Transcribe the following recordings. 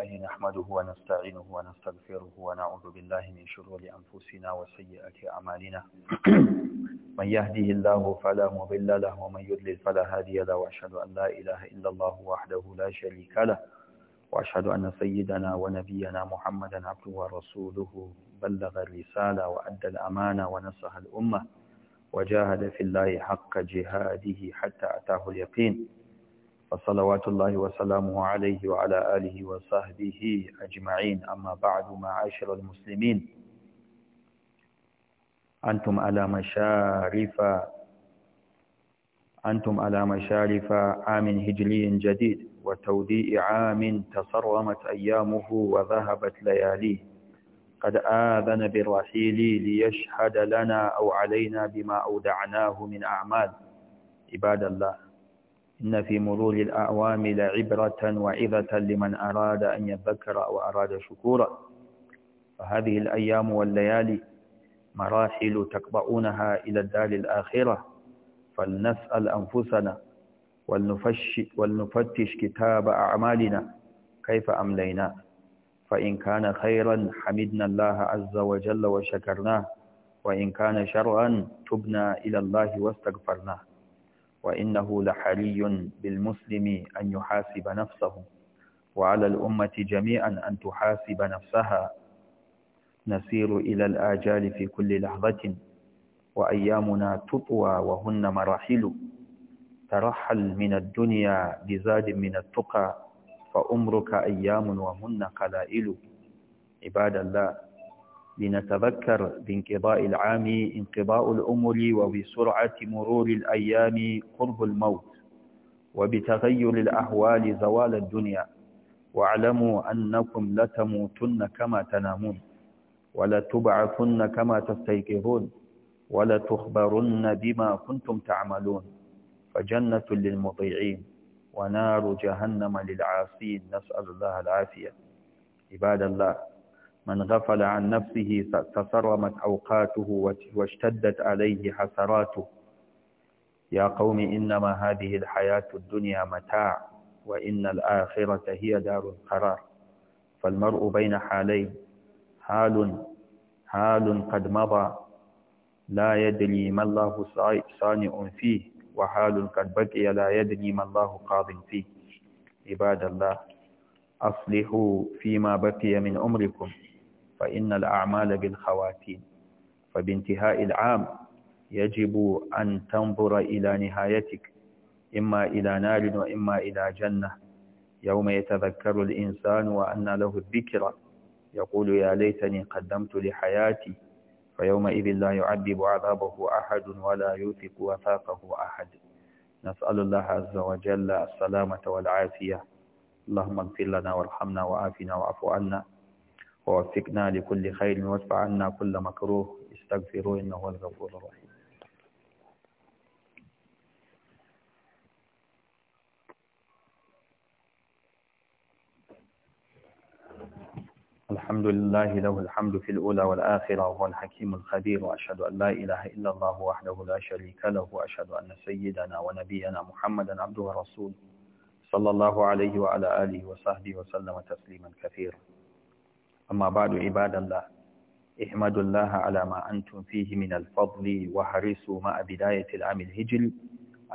الله نحمده ونستعينه ونستغفره ونعوذ بالله من شرور أنفسنا وسيئات أعمالنا من يهده الله فلا مضل له ومن يضلل فلا هادي له وأشهد أن لا إله إلا الله وحده لا شريك له وأشهد أن سيدنا ونبينا محمدا عبده ورسوله بلغ الرسالة وأدى الأمانة ونصح الأمة وجاهد في الله حق جهاده حتى أتاه اليقين وصلوات الله وسلامه عليه وعلى آله وصحبه أجمعين أما بعد ما معاشر المسلمين أنتم على مشارف أنتم على مشارف عام هجري جديد وتوديء عام تصرمت أيامه وذهبت لياليه قد آذن بالرحيل ليشهد لنا أو علينا بما أودعناه من أعمال عباد الله إن في مرور الأعوام لعبرة وعظة لمن أراد أن يذكر أو أراد شكورا فهذه الأيام والليالي مراحل تقبعونها إلى الدار الآخرة فلنسأل أنفسنا ولنفتش كتاب أعمالنا كيف أملينا فإن كان خيرا حمدنا الله عز وجل وشكرناه وإن كان شرعا تبنا إلى الله واستغفرناه وإنه لحري بالمسلم أن يحاسب نفسه وعلى الأمة جميعا أن تحاسب نفسها نسير إلى الآجال في كل لحظة وأيامنا تطوى وهن مراحل ترحل من الدنيا بزاد من التقى فأمرك أيام وهن قلائل عباد الله لنتذكر بانقضاء العام انقضاء الأمر وبسرعة مرور الأيام قرب الموت وبتغير الأحوال زوال الدنيا واعلموا أنكم لتموتن كما تنامون ولتبعثن كما تستيقظون ولتخبرن بما كنتم تعملون فجنة للمطيعين ونار جهنم للعاصين نسأل الله العافية عباد الله من غفل عن نفسه تصرمت أوقاته واشتدت عليه حسراته يا قوم إنما هذه الحياة الدنيا متاع وإن الآخرة هي دار القرار فالمرء بين حالين حال حال قد مضى لا يدري ما الله صانع فيه وحال قد بقي لا يدري ما الله قاض فيه عباد الله أصلحوا فيما بقي من عمركم فإن الأعمال بالخواتيم فبانتهاء العام يجب أن تنظر إلى نهايتك إما إلى نار وإما إلى جنة يوم يتذكر الإنسان وأن له الذكرى يقول يا ليتني قدمت لحياتي فيومئذ لا يعذب عذابه أحد ولا يوثق وثاقه أحد نسأل الله عز وجل السلامة والعافية اللهم اغفر لنا وارحمنا وعافنا وعفو عنا ووفقنا لكل خير وادفع عنا كل مكروه استغفروا إنه هو الغفور الرحيم الحمد لله له الحمد في الأولى والآخرة وهو الحكيم الخبير وأشهد أن لا إله إلا الله وحده لا شريك له وأشهد أن سيدنا ونبينا محمدا عبده ورسوله صلى الله عليه وعلى آله وصحبه وسلم تسليما كثيرا أما بعد عباد الله احمدوا الله على ما أنتم فيه من الفضل وحرصوا مع بداية العام الهجري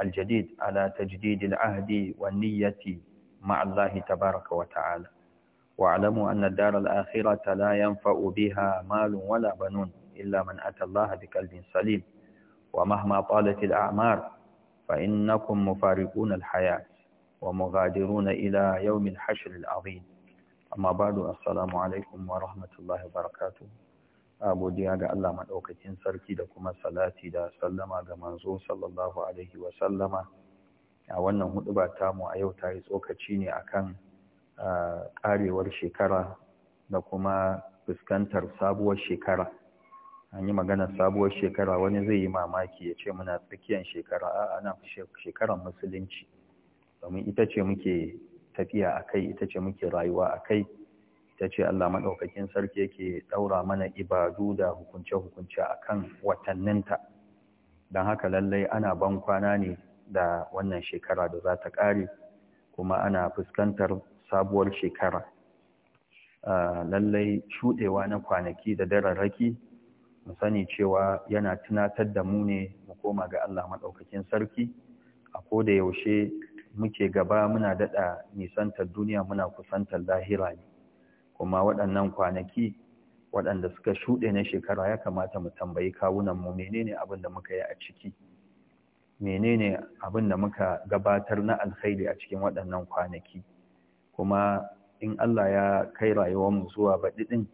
الجديد على تجديد العهد والنية مع الله تبارك وتعالى واعلموا أن الدار الآخرة لا ينفع بها مال ولا بنون إلا من أتى الله بقلب سليم ومهما طالت الأعمار فإنكم مفارقون الحياة ومغادرون إلى يوم الحشر العظيم amma bado assalamu alaikum wa rahmatullahi barakatu a godiya ga Allah maɗaukakin sarki da kuma salati da sallama ga manzo sallallahu alaihi wa sallama a wannan huduba mu a yau ta yi tsokaci ne akan karewar shekara da kuma fuskantar sabuwar shekara an yi magana sabuwar shekara wani zai yi mamaki ya ce muna tsakiyar shekara a ana shekarar musulunci domin ita ce muke tafiya a kai ita ce muke rayuwa a kai ita ce Allah maɗaukakin sarki yake ɗaura mana ibadu da hukunce-hukunce a kan watanninta don haka lallai ana ban kwana ne da wannan shekara da za ta ƙare kuma ana fuskantar sabuwar shekara lallai shuɗewa na kwanaki da dararraki mu sani cewa yana tunatar da mu ne mu koma ga Allah maɗaukakin sarki a ko da yaushe muke gaba muna daɗa nisantar duniya muna kusantar lahira ne kuma waɗannan kwanaki waɗanda suka shuɗe na shekara ya kamata mu tambayi kawunan mu menene abin da muka yi a ciki menene abin da muka gabatar na alkhairi a cikin waɗannan kwanaki kuma in Allah ya kai rayuwar mu zuwa baɗiɗin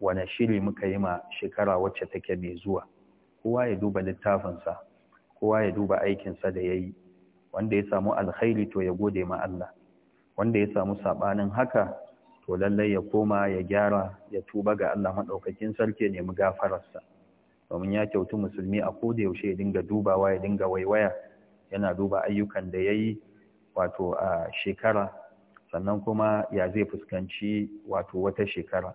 wane shiri muka yi ma shekara wacce take mai zuwa kowa ya duba littafinsa kowa ya duba aikinsa da ya yi wanda ya samu alkhairi to ya gode ma Allah wanda ya samu sabanin haka to lallai ya koma ya gyara ya tuba ga Allah madaukakin sarki ne mu gafararsa domin ya kyautu musulmi a koda yaushe ya dinga dubawa ya dinga waiwaya yana duba ayyukan da yayi wato a shekara sannan kuma ya zai fuskanci wato wata shekara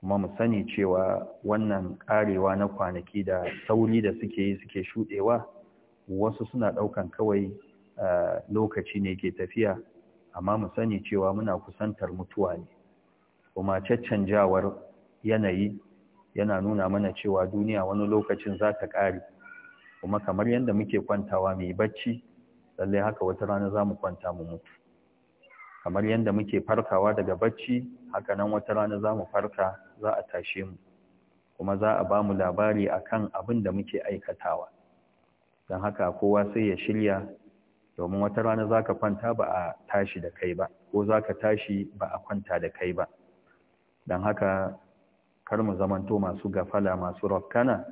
kuma mu sani cewa wannan karewa na kwanaki da sauri da suke yi suke shudewa wasu suna ɗaukan kawai eh, lokaci ne ke tafiya amma mu sani cewa muna kusantar mutuwa ne kuma caccanjawar yanayi yana nuna mana cewa duniya wani lokacin za ta ƙare kuma kamar yadda muke kwantawa mai bacci lallai haka wata rana za mu kwanta mu mutu kamar yadda muke farkawa daga bacci haka nan wata rana za mu farka za a tashe mu kuma za a ba mu labari akan abin da muke aikatawa don haka kowa sai ya shirya domin wata rana za ka kwanta ba a tashi da kai ba ko za ka tashi ba a kwanta da kai ba don haka kar mu zamanto masu gafala masu rakkana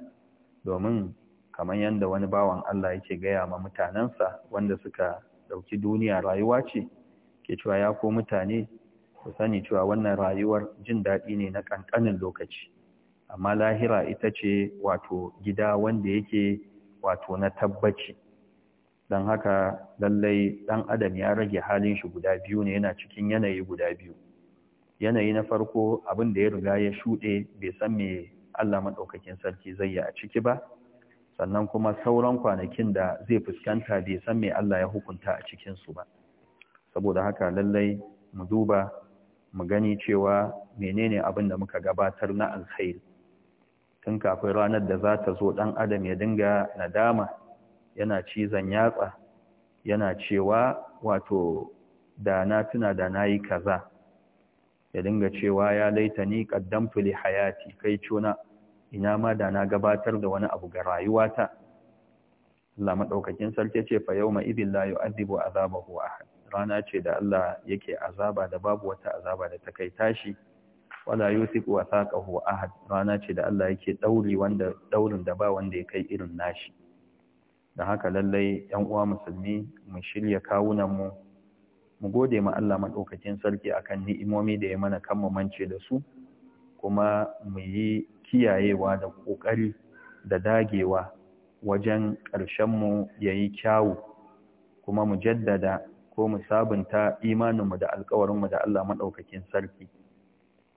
domin kamar yadda wani bawan Allah yake gaya ma mutanensa wanda suka ɗauki duniya rayuwa ce ke cewa ya ko mutane ku sani cewa wannan rayuwar jin daɗi ne na ƙanƙanin lokaci amma lahira ita ce wato gida wanda yake wato na tabbaci don haka lallai ɗan adam ya rage halin shi guda biyu ne yana cikin yanayi guda biyu yanayi na farko abin da ya riga ya shuɗe bai san me Allah maɗaukakin sarki zai yi a ciki ba sannan kuma sauran kwanakin da zai fuskanta bai san me Allah ya hukunta a cikinsu ba saboda haka lallai mu duba mu gani cewa menene abin da muka gabatar na alkhairi tun kafin ranar da za ta zo ɗan adam ya dinga nadama yana cizon yatsa yana cewa wato dana tuna da na yi kaza ya dinga cewa ya laita ni ƙaddamtu li hayati kai cuna ina ma da na gabatar da wani abu ga rayuwata Allah maɗaukakin sarki ce fa yau ma'ibin la azabahu ahad rana ce da Allah yake azaba da babu wata azaba da ta kai tashi wala wa saqahu ahad rana ce da Allah yake dauri wanda daurin da ba wanda ya kai irin nashi dan haka lallai yan uwa musulmi mu shirya kawunan mu mu gode ma Allah madaukakin sarki akan ni'imomi da ya mana kan mance da su kuma mu yi kiyayewa da kokari da dagewa wajen ƙarshen mu yayi kyawu kuma mu jaddada ko mu sabunta imanin mu da mu da Allah maɗaukakin sarki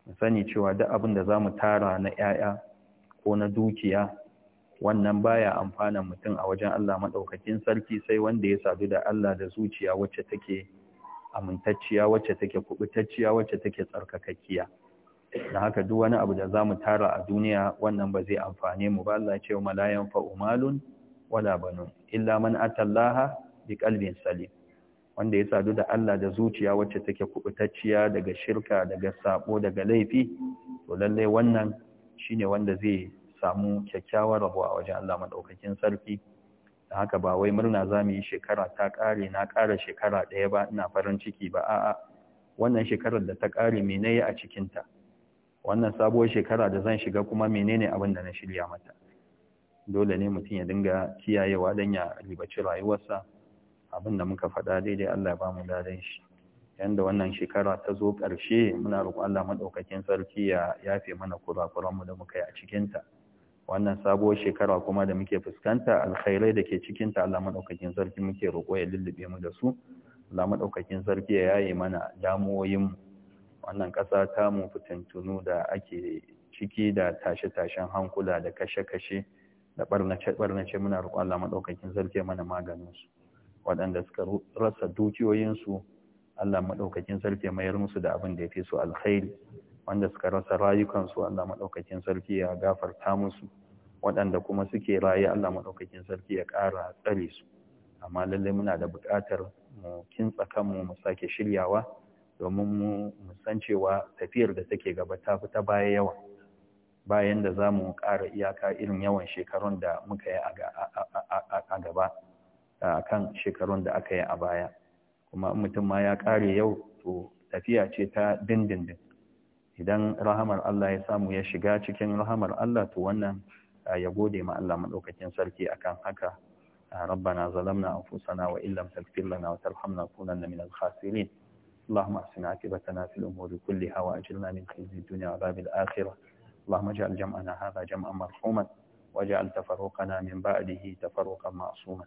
Mu sani cewa duk abin da za mu tara na ‘ya'ya ko na dukiya wannan baya amfana mutum a wajen Allah maɗaukakin sarki sai wanda ya sadu da Allah da zuciya wacce take amintacciya wacce take kubutacciya wacce take tsarkakakkiya da haka duk wani abu da za mu tara a duniya wannan ba zai amfane mu ba Allah ce wa malayan fa'umalun wala banu illa man atallaha bi qalbin salim wanda ya sadu da Allah da zuciya wacce take kubutacciya daga shirka daga sabo daga laifi to lalle wannan shine wanda zai samu kyakkyawar rabo a wajen Allah madaukakin sarki da haka ba wai murna zamu yi shekara ta kare na kara shekara daya ba ina farin ciki ba a'a wannan shekarar da ta kare me a cikin ta wannan sabuwar shekara da zan shiga kuma menene abin da na shirya mata dole ne mutum ya dinga kiyayewa don ya ribaci rayuwarsa abin da muka faɗa daidai Allah ba mu ladan shi yanda wannan shekara ta zo ƙarshe muna roƙon Allah madaukakin sarki ya yafe mana kurakuran da muka yi a cikinta. wannan sabuwar shekara kuma da muke fuskanta alkhairai da ke cikinta, ta Allah madaukakin sarki muke roƙo ya lullube mu da su Allah madaukakin sarki ya yaye mana damuwoyin mu wannan ƙasa ta mu fitintunu da ake ciki da tashe-tashen hankula da kashe-kashe da ɓarnace-ɓarnace muna roƙon Allah maɗaukakin sarki mana maganin su waɗanda suka rasa dukiyoyinsu Allah maɗaukakin sarki mayar musu da abin da ya fi su alkhairi wanda suka rasa rayukansu Allah maɗaukakin sarki ya gafarta musu waɗanda kuma suke rayu, Allah maɗaukakin sarki ya ƙara tsare su amma lallai muna da buƙatar mu kintsa kanmu mu sake shiryawa domin mu san cewa tafiyar da take gaba ta fi ta baya yawa bayan da za mu ƙara iyaka irin yawan shekarun da muka yi a gaba. kan shekarun da aka yi a baya kuma mutum ma ya ƙare yau to tafiya ce ta dindindin idan rahamar Allah ya samu ya shiga cikin rahamar Allah to wannan ya gode ma Allah madaukakin sarki akan haka ربنا ظلمنا أنفسنا وإن لم تغفر لنا وترحمنا لنكونن من الخاسرين اللهم أحسن عاقبتنا في الأمور كلها وأجلنا من خزي الدنيا وعذاب الآخرة اللهم اجعل جمعنا هذا جمعا مرحوما واجعل تفرقنا من بعده تفرقا معصوما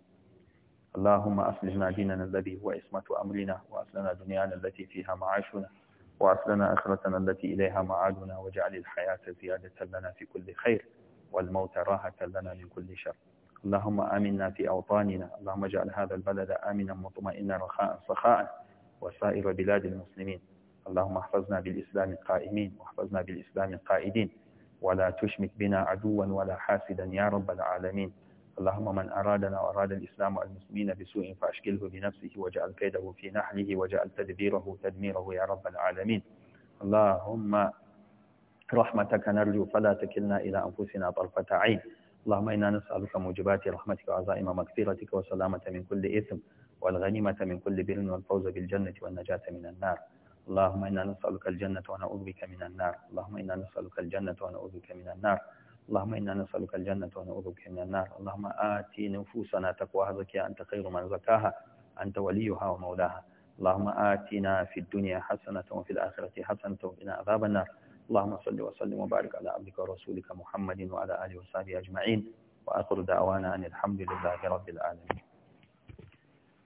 اللهم أصلحنا ديننا الذي هو عصمة أمرنا وأصلنا دنيانا التي فيها معاشنا وأصلنا آخرتنا التي إليها معادنا واجعل الحياة زيادة لنا في كل خير والموت راحة لنا من كل شر اللهم آمنا في أوطاننا اللهم اجعل هذا البلد آمنا مطمئنا رخاء سخاء وسائر بلاد المسلمين اللهم احفظنا بالإسلام القائمين واحفظنا بالإسلام القائدين ولا تشمت بنا عدوا ولا حاسدا يا رب العالمين اللهم من أرادنا وأراد الإسلام والمسلمين بسوء فأشكله بنفسه وجعل كيده في نحله وجعل تدبيره تدميره يا رب العالمين اللهم رحمتك نرجو فلا تكلنا إلى أنفسنا طرفة عين اللهم إنا نسألك موجبات رحمتك وعزائم مغفرتك وسلامة من كل إثم والغنيمة من كل بر والفوز بالجنة والنجاة من النار اللهم إنا نسألك الجنة ونعوذ بك من النار اللهم إنا نسألك الجنة ونعوذ بك من النار اللهم إنا نسألك الجنة ونعوذ بك من النار اللهم آت نفوسنا تقواها زكيها أنت خير من زكاها أنت وليها ومولاها اللهم آتنا في الدنيا حسنة وفي الآخرة حسنة وقنا عذاب النار اللهم صل وسلم وبارك على عبدك ورسولك محمد وعلى آله وصحبه أجمعين وآخر دعوانا أن الحمد لله رب العالمين